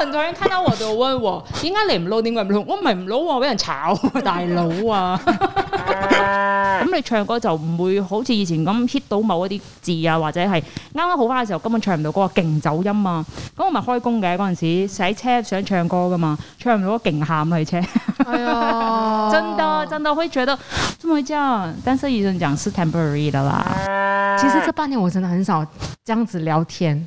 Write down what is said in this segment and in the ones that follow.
我好多人見到我就問我喎，點解你唔撈？點解唔撈？我唔係唔撈喎，俾人炒大佬啊！咁、 嗯、你唱歌就唔會好似以前咁 hit 到某一啲字啊，或者係啱啱好翻嘅時候根本唱唔到嗰個勁走音啊！咁我咪開工嘅嗰陣時，洗車想唱歌噶嘛，唱唔到勁喊去車、 哎呦 真。真的真可以覺得咁樣，但係醫生講 temporary 啦。其實這半年我真的很少這樣子聊天。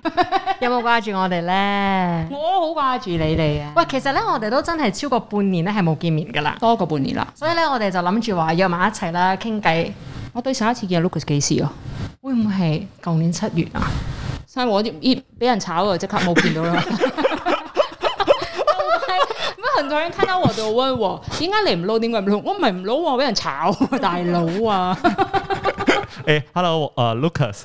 有冇掛住我哋咧？我好掛住你哋啊！喂，其實咧，我哋都真係超過半年咧，係冇見面噶啦，多過半年啦。所以咧，我哋就諗住話約埋一齊啦，傾偈。我對上一次見 Lucas 幾時啊？會唔會係舊年七月啊？晒我啲依俾人炒 不不啊，即刻冇見到啦。咁啊，很多人看到我就問我，點解你唔撈？點解唔撈？我唔係唔撈啊，俾人炒大佬啊！誒，Hello，誒、uh,，Lucas。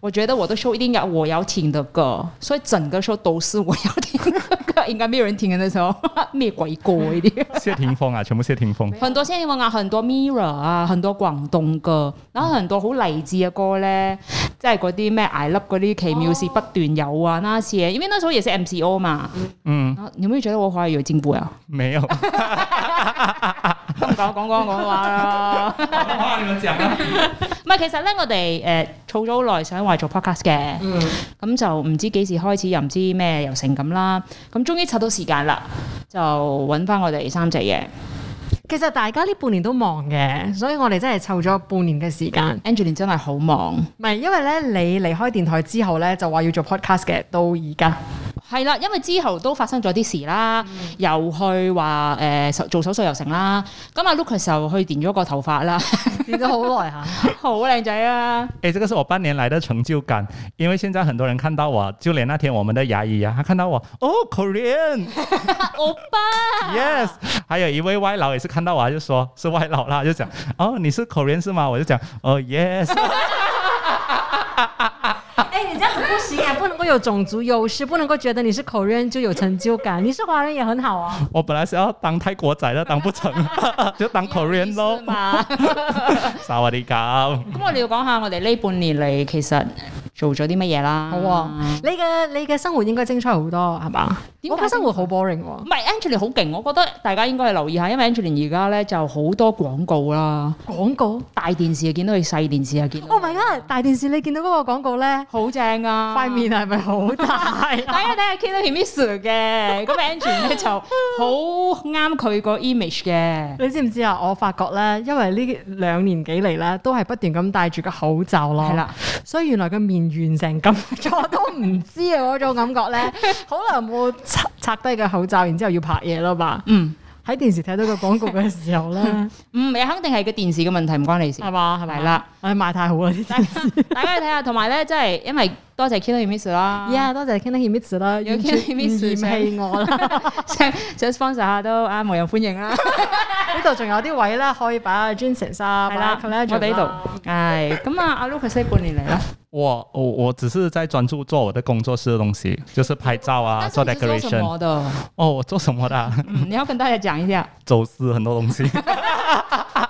我覺得我的 show 一定要我要聽的歌，所以整個 show 都是我要聽的歌，應該沒有人聽啊那時候，咩鬼歌一、啊、啲？謝霆鋒啊，全部謝霆鋒。很多謝霆鋒啊，很多 Mirror 啊，很多廣東歌，然後很多好勵志的歌咧，即係嗰啲咩 I Love 嗰啲奇妙事不斷有啊那些，因為那時候也是 MCO 嘛。嗯。啊，有沒有覺得我話有進步啊？沒有。咁講講講話啦。話你們講啊。 唔其實咧，我哋誒儲咗好耐，想話做 podcast 嘅，咁、嗯嗯、就唔知幾時開始，又唔知咩又成咁啦，咁終於湊到時間啦，就揾翻我哋三隻嘢。其實大家呢半年都忙嘅，所以我哋真係湊咗半年嘅時間。Angeline 真係好忙，唔係因為咧，你離開電台之後咧，就話要做 podcast 嘅，到而家。係啦，因為之後都發生咗啲事啦，嗯、又去話誒、呃、做手術又成啦。咁阿 Lucas 又去電咗個頭髮啦，電咗 好耐下，好靚仔啊！誒、哎，這個是我半年來嘅成就感，因為現在很多人看到我，就連那天我們的牙醫啊，他看到我，哦，Korean，歐 巴 ，Yes，還有一位外老也是看到我，就說是外老啦，就講哦，你是 Korean 是嗎？我就講哦，Yes、 哎。 啊、不能夠有種族優勢，不能夠覺得你是 Korean 就有成就感。你是華人也很好啊、哦。我本來想要當泰國仔的，當不成 就當 Korean 咯你。咁我哋要講下，我哋呢半年嚟其實，做咗啲乜嘢啦？好啊！嗯、你嘅你嘅生活應該精彩好多係嘛？我嘅生活好 boring 喎。唔係 Angeline 好勁，我覺得大家應該係留意一下，因為 Angeline 而家咧就好多廣告啦。廣告大電視見到佢，細電視又見。我唔係啊！大電視，電視、oh、God，大電視你見到嗰個廣告咧，好正啊！塊面係咪好大啊？大家睇下 Keanu Reeves 嘅個 Angeline 就好啱佢個 image 嘅。 你知唔知啊？我發覺咧，因為呢兩年幾嚟咧都係不斷咁戴住個口罩咯，係啦，所以原來個面。完成咁我都唔知啊嗰 種感覺咧， 好耐冇拆拆低個口罩，然之後要拍嘢啦吧？嗯， 嗯，喺電視睇到個廣告嘅時候咧，唔，係肯定係個電視嘅問題，唔關你事係嘛？係咪啦？賣太好啊！ 大家大家睇下，同埋咧，即係因為。多謝 Kenny Miss 啦，Yeah，多謝 Kenny Miss 啦，有 Kenny Miss 氣我啦，just just 放下都啊無人歡迎啦，呢度仲有啲位啦，可以把 Jenesis 係啦，啦，我喺度，係、哎、咁啊，阿 Lucas 半年嚟啦，我我、哦、我只是在專注做我的工作室嘅東西，就是拍照啊，是你是做，做 Decoration 的，哦，我做什麼的、啊嗯？你要跟大家講一下，走私很多東西。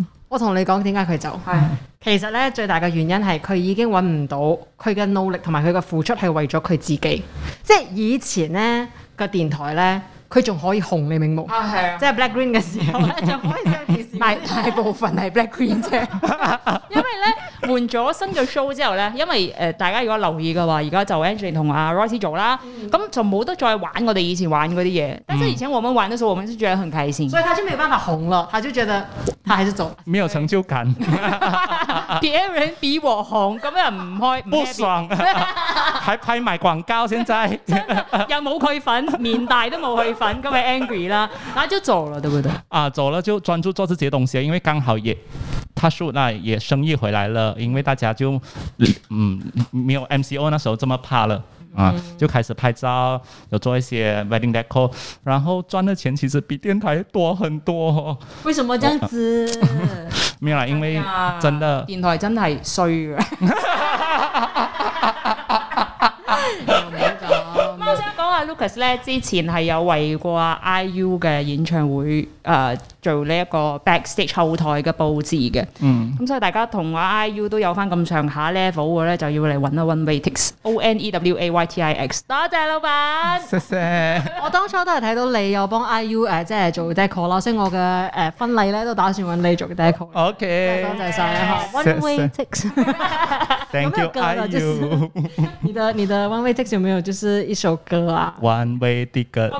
我同你講點解佢走？係其實咧，最大嘅原因係佢已經揾唔到，佢嘅努力同埋佢嘅付出係為咗佢自己。即係以前咧個電台咧，佢仲可以紅你明目、啊、是的即係 black green 嘅時候，就 可以爭電視。大部分係 black green 啫，因為咧換咗新嘅 show 之後咧，因為誒大家如果留意嘅話，而家就 Angeline 同阿 Royce 做啦，咁、嗯、就冇得再玩我哋以前玩嗰啲嘢。但是以前我們玩的時候，我們是覺得很開心，所以他就沒有辦法紅了，他就覺得。啊、還是走，沒有成就感。 別人比我紅，咁又唔開，不爽、啊，還拍埋廣告，現在 又冇佢粉， 面大都冇佢粉，咁咪 angry 了，那就走了，對不對？啊，走了就專注做自己嘅東西，因為剛好也，他叔那也生意回來了，因為大家就，嗯，沒有 MCO 那時候這麼怕了。啊，就開始拍照，有做一些 wedding decor，然後賺的錢其實比電台多很多。為什麼這樣子？ 沒有啦、啊，因為真的電台真係衰嘅。咁 我、那個、 我想講下 Lucas 咧，之前係有為過 IU 嘅演唱會誒。呃做呢一個 backstage 後台嘅佈置嘅，咁、嗯嗯、所以大家同我 IU 都有翻咁上下 level 嘅咧，就要嚟揾 One Way Tix，O N E W A Y T I X，多謝老闆，謝謝。我當初都係睇到你有幫 IU 即、啊、係、就是、做 decor 所以我嘅誒婚禮咧都打算揾你做 decor okay,、嗯。OK，多謝曬 Way Tix，有冇歌啊？Yeah, you, 就是、就是、你的，的 n e Way Tix 有沒有就是一首歌啊 One Way Tix 嘅歌。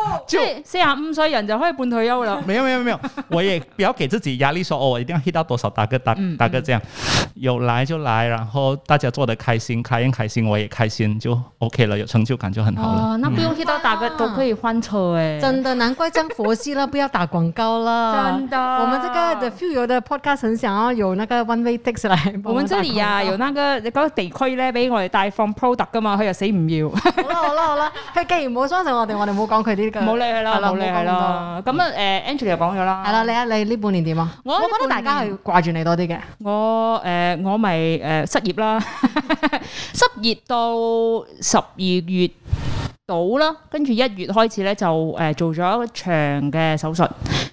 即係四十五歲人就可以半退休啦。沒有沒有沒有，我也不要給自己壓力說，說 哦，我一定要 hit 到多少打，大哥，大大哥這樣。嗯嗯有來就來，然後大家做得開心，開心開心，我也開心就 OK 了，有成就感就很好啦，哦。那不用聽到打，打個、哎、都可以翻車誒，真的難怪真佛系啦， 不要打廣告啦，真的。我們這個 The Fuyoh 的 podcast，很想要有那個 one way text 來。我們這裏啊，有那個嗰個地區咧，俾我哋帶放 product 㗎嘛，佢又死唔要。 好啦好啦好啦，佢、hey，既然冇相信我哋，我哋冇講佢啲嘅。冇理佢啦，冇理佢啦。咁啊，誒，Angeline 又講咗啦。係啦，嗯嗯嗯呃啊啊啊，你啊，你呢半年點啊？我我覺得大家係掛住你多啲嘅。我誒。呃誒，我咪誒失業啦，失業到十二月。到啦，跟住一月開始咧就誒做咗一長嘅手術，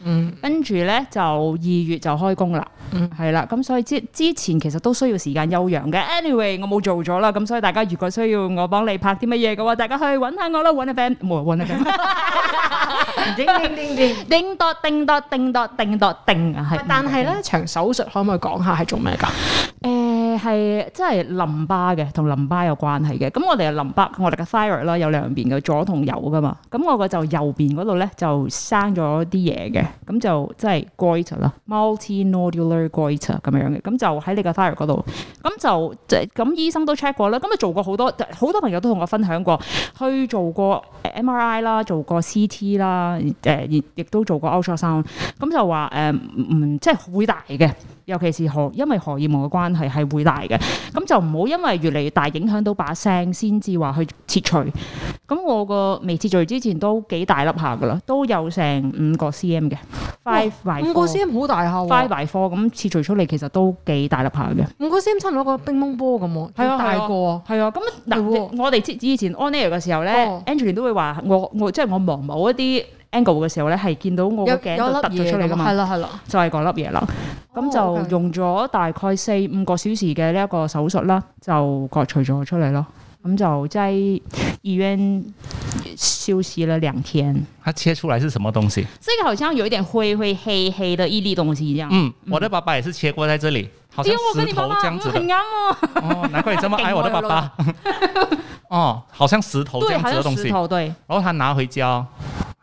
嗯，跟住咧就二月就開工啦，嗯，係啦，咁所以之之前其實都需要時間休養嘅。anyway，我冇做咗啦，咁所以大家如果需要我幫你拍啲乜嘢嘅話，大家去揾下我啦，揾阿 Ben，冇揾阿 Ben，叮叮叮叮叮多叮多叮多叮多叮啊，係，但係咧場手術可唔可以講下係做咩㗎？誒。係即係淋巴嘅，同淋巴有關係嘅。咁我哋嘅淋巴，我哋嘅 thyroid 啦，有兩邊嘅左同右㗎嘛。咁我個就右邊嗰度咧就生咗啲嘢嘅，咁就即係、就是、goiter 啦，multinodular goiter 咁樣嘅。咁就喺你個 thyroid 嗰度，咁就即係咁醫生都 check 過啦。咁啊做過好多好多朋友都同我分享過，去做過 MRI 啦，做過 CT 啦、呃，誒亦都做過 ultrasound，咁就話誒唔即係會大嘅。尤其是荷，因為荷爾蒙嘅關係係會大嘅，咁就唔好因為越嚟越大影響到把聲，先至話去切除。咁我個未切除之前都幾大粒下噶啦，都有成五個 cm 嘅五，哦，個 cm 好大下喎，啊。five f 咁切除出嚟其實都幾大粒下嘅，五個 cm 差唔多個乒乓波咁喎，大個啊。係啊，咁嗱，啊啊啊，我哋之前 on air 嘅時候咧，Angeline 都會話我我，我即係我忙冇一啲。Angle 嘅時候咧，係見到我個頸都凸咗出嚟噶嘛，就係、是、嗰粒嘢啦。咁就用咗大概四五個小時嘅呢一個手術啦，就割除咗出嚟咯。咁就喺醫院休息了兩天。他切出來是什麼東西？這個好像有一點灰灰黑黑的一粒東西，一樣。嗯，我的爸爸也是切過，在這裡、嗯，好像石頭這樣子、嗯。很硬哦。哦，難怪你咁樣挨我的爸爸。 哦，好像石頭這樣子的東西，對，好像石頭，對。然後他拿回家。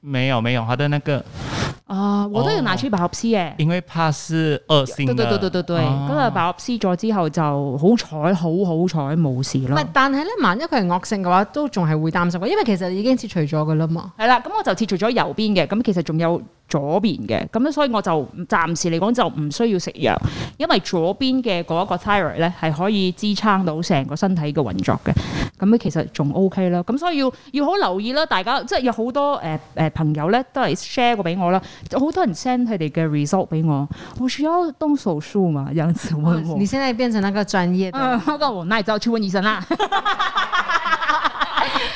沒有沒有，喺度那個啊、呃，我都要拿去百合絲嘅，因為怕是惡性的。對對對對對，對，咁啊百合絲咗之後就好彩，好好彩冇事咯。唔係，但係咧，萬一佢係惡性嘅話，都仲係會擔心，因為其實已經切除咗噶啦嘛。係啦，咁、嗯、我就切除咗右邊嘅，咁其實仲有左邊嘅，咁所以我就暫時嚟講就唔需要食藥，因為左邊嘅嗰一個 thyroid 咧係可以支撐到成個身體嘅運作嘅，咁、嗯、咧其實仲 ok 啦。咁所以要要好留意啦，大家即係有好多誒。呃誒、呃、朋友咧都係 share 過俾我啦，好多人 send 佢哋嘅 result 俾我。我需要動手術嘛？楊子問我。你現在變成一個專業嘅。不、呃、過我就招去問醫生啦、啊。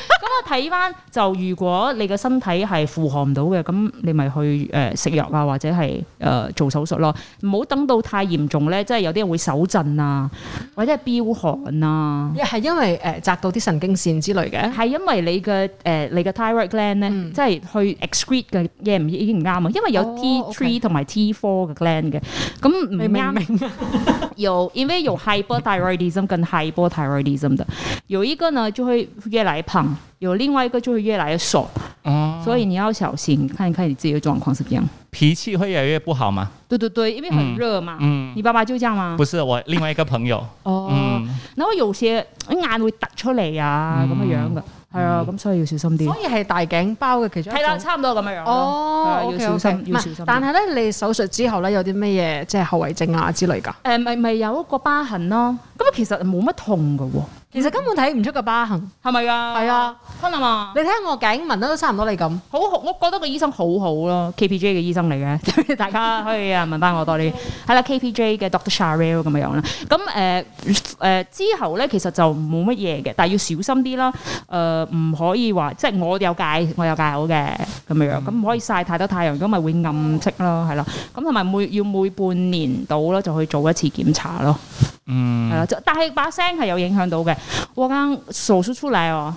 睇翻就，如果你嘅身體係負荷唔到嘅，咁你咪去誒、呃、食藥啊，或者係誒、呃、做手術咯。唔好等到太嚴重咧，即係有啲人會手震啊，或者係飆寒啊。係因為誒扎、呃、到啲神經線之類嘅？係因為你嘅誒、呃、你嘅 thyroid gland 咧，即係去 excrete 嘅嘢唔已經唔啱啊。因為有 T three 同埋 T four 嘅 gland 嘅，咁唔啱。 有，因為有 hyperthyroidism 跟 hypothyroidism 的，有一個呢就會越來越胖，有另外一個就會越來越瘦哦、嗯，所以你要小心，看一看你自己的狀況是點樣。脾氣會越來越不好嗎？對對對，因為很熱嘛。嗯，嗯，你爸爸就咁樣嗎？不是，我另外一個朋友。哦、啊，嗱、嗯，我有些眼、嗯嗯、會凸出嚟呀咁麼樣的係啊，咁所以要小心啲。所以係大頸包嘅其中。係啦，差唔多咁嘅樣咯。哦，嗯、要小心，okay. 要小心。但係咧，你手術之後咧，有啲咩嘢即係後遺症啊之類噶？誒、嗯，咪咪有一個疤痕咯。咁啊，其實冇乜痛噶喎。其實根本睇唔出個疤痕，係咪啊？係啊，昆啊嘛，你睇下我頸紋得都差唔多你咁，好，我覺得個醫生好好咯，K P J 嘅醫生嚟嘅， 大家可以啊問翻我多啲。係 啦，K P J 嘅 Doctor Sharrell 咁樣樣啦。咁誒誒之後咧，其實就冇乜嘢嘅，但係要小心啲啦。誒、呃，唔可以話，即係我有戒，我有戒口嘅咁樣樣，咁、嗯、唔可以曬太多太陽，咁咪會暗色咯，係、嗯、啦。咁同埋每要每半年度啦，就去做一次檢查咯。嗯，係啦，但係把聲係有影響到嘅，我啱啱傻咗出嚟喎，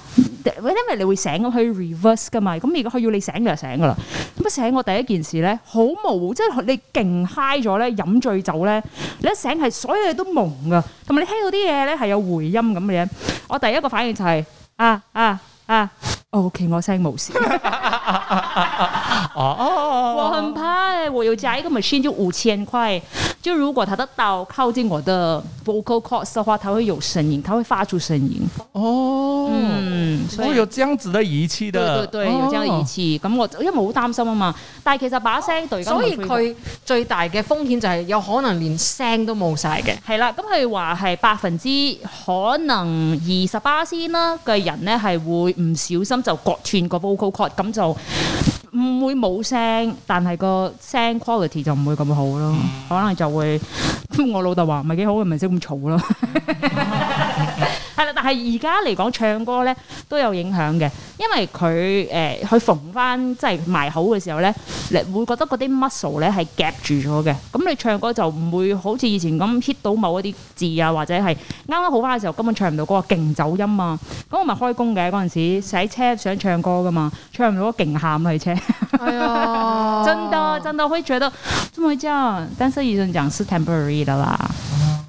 因為你會醒咁去 reverse 噶嘛，咁如果佢要你醒就醒噶啦。咁一醒，我第一件事咧，好模糊，即係你勁嗨咗咧，飲醉酒咧，你一醒係所有嘢都蒙噶，同埋你聽到啲嘢咧係有回音咁嘅嘢。我第一個反應就係啊啊啊！啊啊 O、okay, K，我聲冇事哦，啊啊啊啊、 我很怕，我要加一個 machine 就五千塊。就如果他的刀靠近我的 vocal cords 的話，它會有聲音，它會發出聲音。哦，嗯，所以，所以、哦、有這樣子的儀器的，對對，對有這樣儀器。咁、哦、我因為我好擔心啊嘛。但係其實把聲對，所以佢最大嘅風險就係有可能連聲都冇晒嘅。係啦，咁佢話係百分之可能二十八先啦嘅人呢，係會唔小心。就割斷個 vocal cord，咁就唔會冇聲，但係個聲 quality 就唔會咁好咯，可能就會 我老豆話唔係幾好，咪識咁嘈咯。 係啦，但係而家嚟講唱歌咧都有影響嘅，因為佢誒去縫翻即係埋好嘅時候咧，你會覺得嗰啲 muscle 咧係夾住咗嘅，咁你唱歌就唔會好似以前咁 hit 到某一啲字啊，或者係啱啱好翻嘅時候根本唱唔到嗰個勁走音啊，咁我咪開工嘅嗰陣時，洗車想唱歌噶嘛，唱唔到勁喊去車，真多真多可以唱到，仲未教，但是醫生講是 temporary 的啦。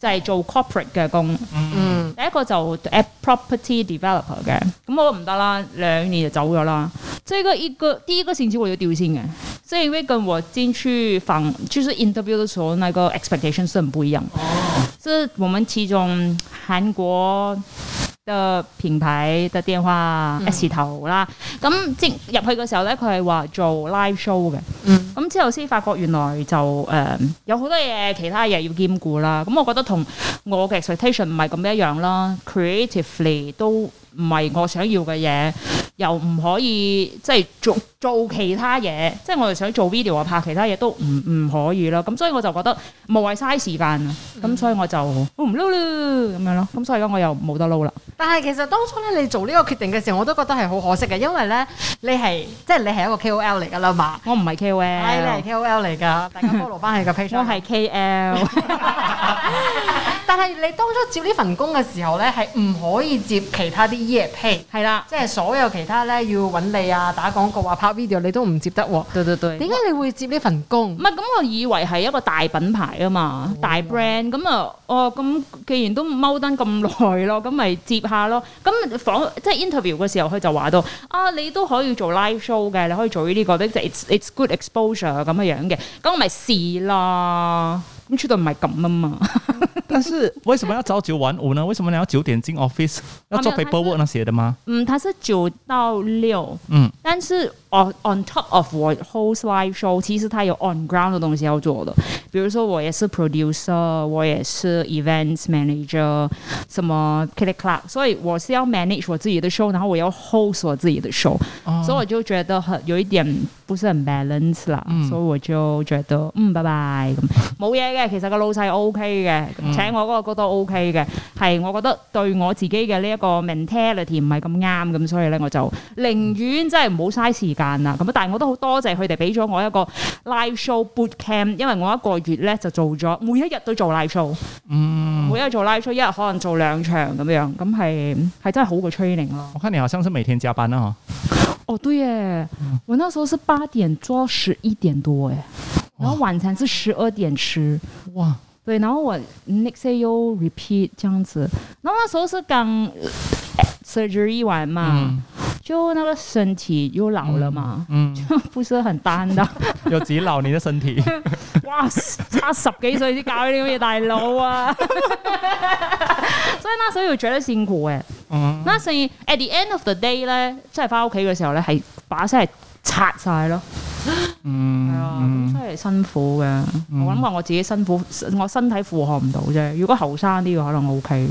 就係、是、做 corporate 嘅工，嗯嗯，第一個就 at property developer 嘅，咁我唔得啦，兩年就走咗啦。即、這、係個一個第一個星期我要丟心嘅，係因為跟我進去訪，就是 interview 嘅時候，那個 expectation 是很不一樣。即、哦、係，我諗始終韓國平台、嘅電話 S、嗯、頭啦，咁即入去嘅時候咧，佢係話做 live show 嘅，咁、嗯、之後先發覺，原來就誒、呃、有好多嘢其他嘢要兼顧啦，咁我覺得同我嘅 expectation 唔係咁一樣啦，creatively 都唔係我想要嘅嘢，又唔可以即係做。做其他嘢，即係我哋想做 video 啊，拍其他嘢都唔唔可以啦。咁所以我就覺得無謂嘥時間啊。咁、嗯、所以我就我唔撈啦，咁、哦、樣咯。咁所以咧，我又冇得撈啦。但係其實當初咧，你做呢個決定嘅時候，我都覺得係好可惜嘅，因為咧，你係即係你係一個 KOL 嚟噶啦嘛。我唔係 KOL，係你係 KOL 嚟噶。大家 follow 翻你嘅 p i c 我係是 KL。 但係你當初接呢份工嘅時候咧，係唔可以接其他啲 ear pay 係啦，即、就、係、是、所有其他咧要揾你啊、打廣告啊、拍。video 你都唔接得喎，對對對，點解你會接呢份工？唔係咁，我以為係一個大品牌啊嘛、哦，大 brand 咁、哦、啊，哦咁，既然都踎單咁耐咯，咁咪接下咯。咁仿即係 interview 嘅時候，佢就話到啊，你都可以做 live show 嘅，你可以做呢、這、啲個，的 it's it's good exposure 咁樣的我樣嘅，咁咪試啦。咁出到唔係咁啊嘛。但是 為什麼要朝九晚五呢？為什麼你要九點進 office 要做 paperwork 那些的嗎？嗯，它是九到六，嗯，但是。on top of what host live show，其實，它有 on ground 嘅東西要做嘅，比如說，我也是 producer，我也是 event manager，什麼 click clack 所以我是要 manage 我自己的 show，然後，我要 host 我自己的 show，、哦、所以我就覺得有一點不是很 balance 啦、嗯，所以我就覺得嗯拜拜，咁冇嘢嘅，其實個老細 OK 嘅，請我嗰個都 OK 嘅，係、嗯、我覺得對我自己嘅呢一個 mentality 唔係咁啱咁，所以咧我就寧願真係唔好嘥時間啦，咁但係我都好多謝佢哋俾咗我一個 live show boot camp，因為我一個月咧就做咗每一日都做 live show，嗯，每一日做 live show，一日可能做兩場咁樣，咁係係真係好過 training 咯。我看你好似係每天加班啊，哦，對耶！我那時候是八點做十一點多誒，然後晚餐是十二點食，哇，對，然後我 next day 又 repeat 這樣子，然後那時候是剛 surgery 完嘛。呃呃呃呃呃呃呃就那個身體要留了嘛，嗯嗯、 就不是很擔要 自己留你的身體， 哇，差十幾歲先搞呢啲咁嘢大佬啊！ 所以咧，所以要着得辛苦嘅、欸。嗯，那所以 at the end of the day 咧，真係翻屋企嘅時候咧，係把聲係拆晒咯。 嗯，係啊，真係辛苦嘅。嗯、我諗話我自己辛苦，我身體負荷唔到啫。如果後生啲嘅，可能 O K 嘅。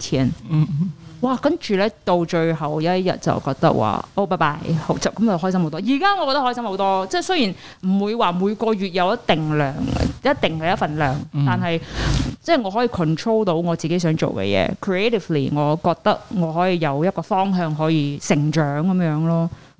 錢，嗯，哇，跟住咧到最後有一日就覺得話，哦，拜拜，學習咁就開心好多。而家我覺得開心好多，即係雖然唔會話每個月有一定量，一定嘅一份量，嗯、但係即係我可以 control 到我自己想做嘅嘢，creatively，我覺得我可以有一個方向可以成長咁樣咯。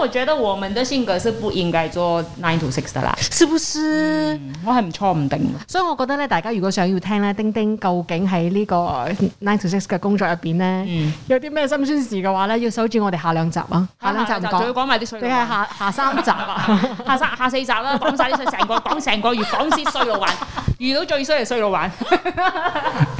我覺得我們的性格是不應該做 nine to six 的啦，是不是？嗯、我係唔錯唔定，所以我覺得咧，大家如果想要聽咧，丁丁究竟喺呢個 nine to six 嘅工作入邊咧，有啲咩心酸事嘅話咧，要守住我哋下兩集啊，下兩集仲要講埋啲衰嘅，你喺下下三集啦， 下三下四集啦，講晒啲衰，成個講成個月講先衰老闆，遇到最衰係衰老闆。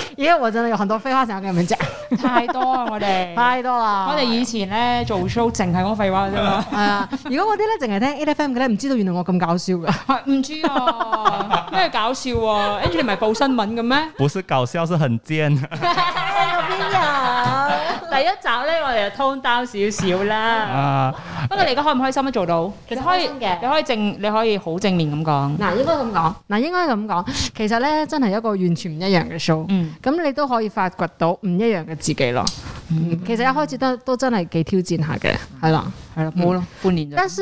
因為、yeah, 咦！ 我真係有好多飛花神入面，唔知太多啊！我哋太多啦！我哋以前咧做 show 淨係講廢話啫嘛。係啊， 如果嗰啲咧淨係聽 AFM 嘅咧，唔知道原來我咁搞笑嘅。唔 知道啊，咩搞笑啊？Angel、 欸、你唔係報新聞嘅咩？不是搞笑，是很賤。 第一集咧，我哋就 tone down 少少啦。 啊， 不過你而家開唔開心都做到，其實可以，開心你可以正，你可以好正面咁講。嗱、啊，應該咁講，嗱、啊，應該咁講。其實咧，真係一個完全唔一樣嘅 show。嗯，咁你都可以發掘到唔一樣嘅自己咯。嗯嗯、其實開始都都真係幾挑戰下嘅，係啦，係啦，冇啦半年。但是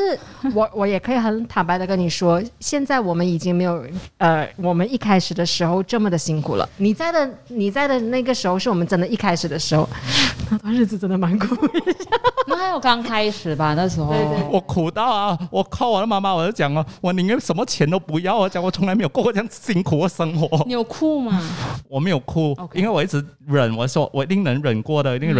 我我也可以很坦白的跟你說， 現在我們已經沒有，呃，我們一開始的時候這麼的辛苦了。你在的你在的那個時候，是我們真的一開始的時候，那段日子真的蠻苦。那還有剛開始吧， 那時候 對對我苦到啊，我靠我的媽媽，我就講哦、啊，我寧願什麼錢都不要，我講我從來沒有過過這樣辛苦嘅生活。你有哭嗎？我沒有哭，okay。因為我一直忍，我說我一定能忍過的，一定忍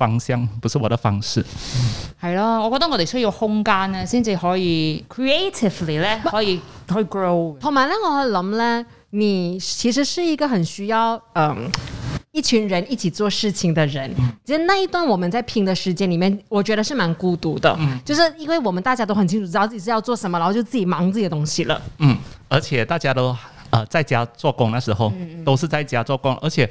方向不是我的方式，係、嗯、咯，我覺得我哋需要空間咧，先至可以 creatively 咧、嗯，可以可以 grow。同埋咧，我諗咧，你其實是一個很需要，嗯，一群人一起做事情的人、嗯。其實那一段我們在拼的時間裏面，我覺得是蠻孤獨的、嗯，就是因為我們大家都很清楚知道自己是要做什麼，然後就自己忙自己嘅東西了，嗯，而且大家都，呃，在家做工那時候嗯嗯，都是在家做工，而且。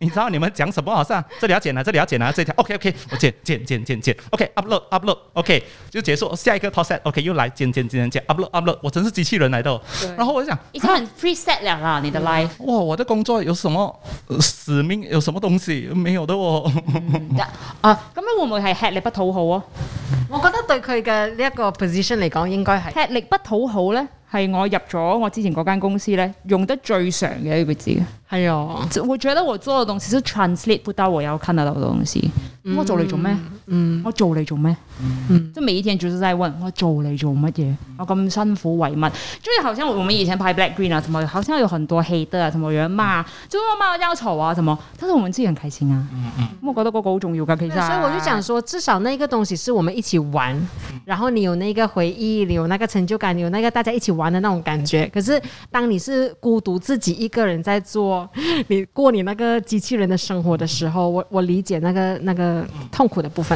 你知道你們講什麼好似啊？這裡要剪啦、啊，這裡要剪啦、啊，這條 OK OK，我剪剪剪剪剪，OK upload upload OK 就結束，下一個套 set OK 又來剪剪剪剪剪,剪，upload upload，我真是機器人來的。然後我就想，已經很 preset 啦啦，你的 life。哇，我的工作有什麼使命？有什麼東西？沒有的喎、哦。啊，咁 樣、啊、會唔會係吃力不討好啊？我覺得對佢嘅呢一個 position 嚟講，應該係吃力不討好呢。係我入咗我之前嗰間公司用得最常嘅一個字。係啊，我覺得我做嘅東西都 translate 不到我有坑。咁我做嚟做咩？嗯，我做嚟做咩？嗯，即係每一天，就是在問我做嚟做乜嘢、嗯？我咁辛苦為乜？即係好像我們以前拍 Black Green 啊，什麼，好像有很多黑的，什麼，有人罵，就話我比較醜啊，什麼，但是我們自己很開心啊。嗯嗯，我覺得嗰個好重要嘅，其實。所以我就想說，至少那個東西是我們一起玩，然後你有那個回憶，你有那個成就感，你有那個大家一起玩的那種感覺。可是當你是孤獨自己一個人在做，你過你那個機器人的生活的時候，我我理解那個那個痛苦的部分。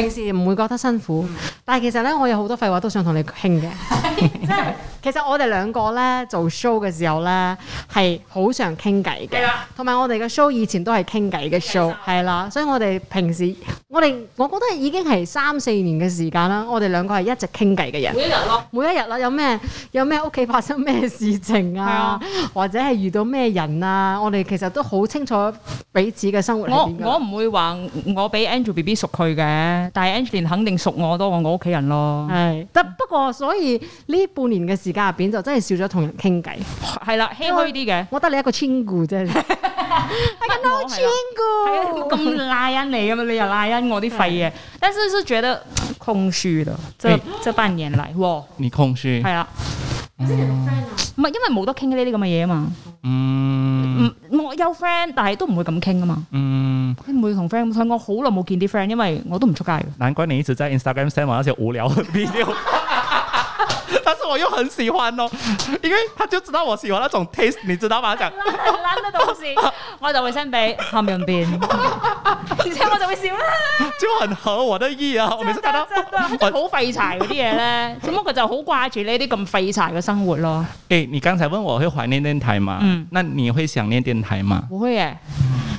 平時唔會覺得辛苦，嗯、但係其實咧，我有好多廢話都想同你傾嘅。即係、就是、 其實我哋兩個咧做 show 嘅時候咧，係好常傾偈嘅。同埋我哋嘅 show 以前都係傾偈嘅 show，係啦。所以我哋平時我哋，我覺得已經係三四年嘅時間啦。我哋兩個係一直傾偈嘅人。每一日咯、啊，每一日啦、啊，有咩有咩屋企發生咩事情啊，或者係遇到咩人啊，我哋其實都好清楚彼此嘅生活的。我唔會話我比 Angeline BB 熟佢嘅。但係 Angeline 肯定熟我多過我屋企人咯。係，不過，所以呢半年嘅時間入邊就真係少咗同人傾偈。係啦，唏噓啲嘅，我得你一個親故啫。係、 no，一個 no 親故，咁拉恩你咁嘛？你又拉恩我啲廢嘢。但是是覺得空虛咯，即就半年嚟，你空虛。係啦，唔、嗯、係因為冇得傾呢啲咁嘅嘢啊嘛。嗯，我有 friend，但係都唔會咁傾啊嘛。嗯。佢唔會同 friend，所以我好耐冇見啲 friend，因為我都唔出街嘅。難怪你一直在 Instagram 晒埋那些無聊嘅 video， 但是我又很喜歡咯，因為他就知道我喜歡那種 taste，你知道嗎？講爛爛的東西， 我就會 send 俾旁邊邊，然之後我就會笑啦， 就很合我的意啊！ 我每次睇到真的真的好廢柴嗰啲嘢咧，咁 我就好掛住呢啲咁廢柴嘅生活咯。誒、欸，你剛才問我會懷念電台嘛？嗯，那你會想念電台嘛？唔會誒。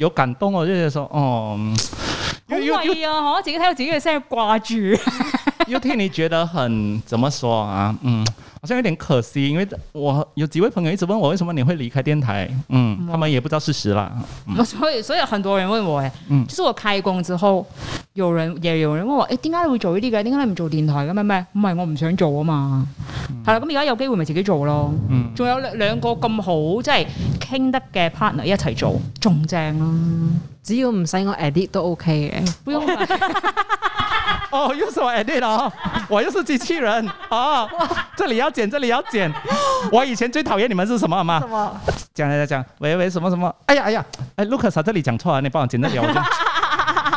有感動我即係説，哦、嗯，好威啊，我自己聽到自己嘅聲音掛住。 又聽你覺得很，怎麼說啊？嗯，好像有點可惜，因為我有幾位朋友一直問我，為什麼你會離開電台嗯？嗯，他們也不知道事實啦、嗯。所以，所以很多人問我誒，嗯，就是我開工之後，有人也有人問我，誒、欸，點解你會做呢啲嘅？點解你唔做電台嘅？咩咩？唔係我唔想做啊嘛。係、嗯、啦，咁而家有機會咪自己做咯。嗯，仲有兩兩個咁好，即係傾得嘅 partner 一齊做，仲正咯、啊。只要唔使我 edit 都 OK 嘅、欸，不用 哦，又是我 edit 哦。我又是機器人哦。這裏要剪，這裏要剪。我以前最討厭你們是什麼好嗎？講講講，喂喂，什麼什麼？哎呀哎呀，哎，Lucas、啊、這裏講錯了，你幫我剪這裏。我就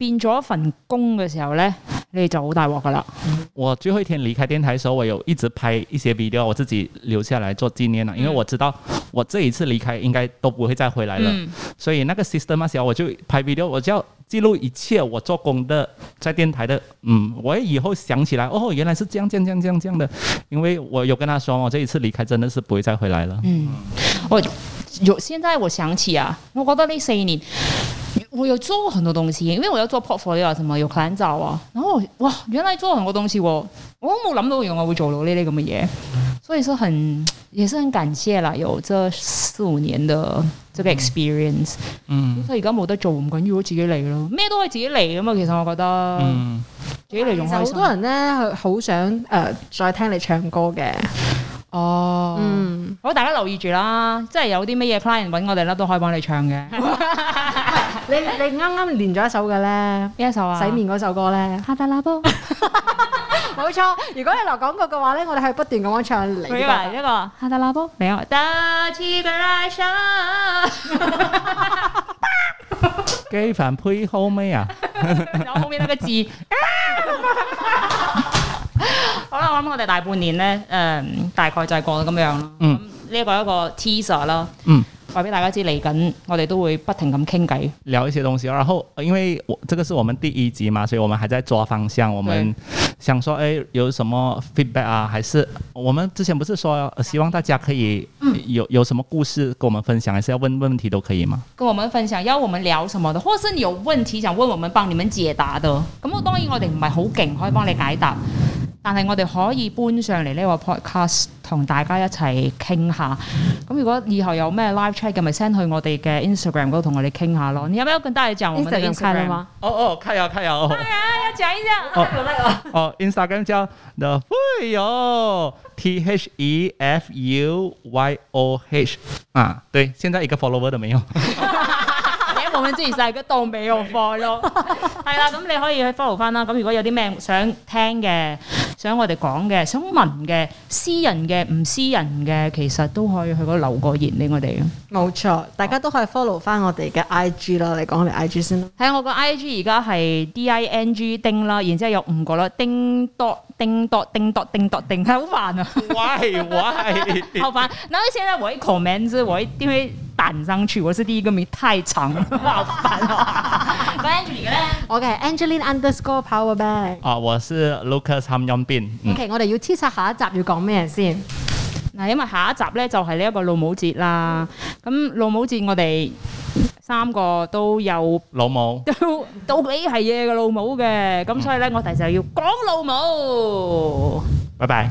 變咗一份工嘅時候呢，你就好大鑊噶啦。我最後一天離開電台嘅時候，我有一直拍一些 video，我自己留下來做紀念啦。因為我知道我這一次離開應該都不會再回來了，嗯、所以那個 system 啊、嗯，我就拍 video，我就要記錄一切我做工的，在電台的，嗯，我以後想起來，哦，原來是這樣、這樣、這樣、這樣、這樣的。因為我有跟他說，我這一次離開真的是不會再回來了。嗯，我有，現在我想起啊，我覺得呢四年。我有做很多東西，因為我有做 portfolio 啊，什麼有 client 啊，然後哇，原來做很多東西，我我冇諗到我原來會做到呢啲咁嘅嘢，所以說很也是很感謝啦，有這四五年的這個 experience，嗯，所以而家冇得做，唔緊要，我咪自己嚟咯，咩都可以自己嚟噶嘛。其實我覺得，嗯、自己嚟仲開心。好多人咧，好想誒、呃、再聽你唱歌嘅，哦，嗯、好，大家留意住啦，即係有啲咩嘢 client 搵我哋咧，都可以幫你唱嘅。嗯 你你啱啱練咗一首嘅咧？一首啊？洗面嗰首歌咧？哈達拉波，冇 錯。如果你嚟廣告嘅話咧，我哋係不斷咁樣唱嚟。嚟一個哈達拉波。你 大 大 好。The generation。雞飯配後尾啊！後面那個字。好啦，我諗我哋大半年咧，誒大概就係過咁樣咯。嗯。呢、嗯這個、一個一個 teaser 啦。嗯。話俾大家知嚟緊，我哋都會不停咁傾偈，聊一些東西。然後，因為我這個是我們第一集嘛，所以我們還在抓方向。我們想說，誒、欸，有什麼 feedback 啊？還是我們之前不是說希望大家可以有有什麼故事跟我們分享，還是要問問題都可以嗎？跟我們分享，要我們聊什麼的，或是你有問題想問我們幫你們解答的。咁我當然我哋唔係好勁，可以幫你解答。但係我哋可以搬上嚟呢個 podcast 同大家一齊傾下。咁如果以後有咩 live chat 嘅，咪 send 去我哋嘅 Instagram 嗰度同我哋傾下咯。你有咩要跟大家講？Instagram 哦哦，開啊開啊！當然要講一張，哦，Instagram 叫 The Fuyoh，T H E F U Y O H 啊，對，現在一個 follower 都沒有。我之前就係嗰度俾我放咯，係啦，咁你可以去 follow 翻啦。咁如果有啲咩想聽嘅，想我哋講嘅，想問嘅，私人嘅，唔私人嘅，其實都可以去嗰度留個言畀我哋。冇錯，大家都可以 follow 翻我哋嘅 IG 咯。你講嚟 IG 先。係啊，我個 IG 而家係 D I N G 釘啦，然之後有五個啦，釘 dot 釘 dot 釘 dot 釘 dot 釘，係好煩啊。Why why？好煩。嗱我現在我一 comments 我一定會。板上去，我是第一個名太長，好煩哦。Angeline，OK，Angeline underscore Powerbank。啊，我是 Lucas Ham Yoon Pin。OK，我哋要推測下一集要講咩先？嗱，因為下一集咧就係呢一個老母節啦。咁老母節我哋三個都有老母，都到底係嘢嘅老母嘅，咁所以咧我哋就要講老母。拜拜。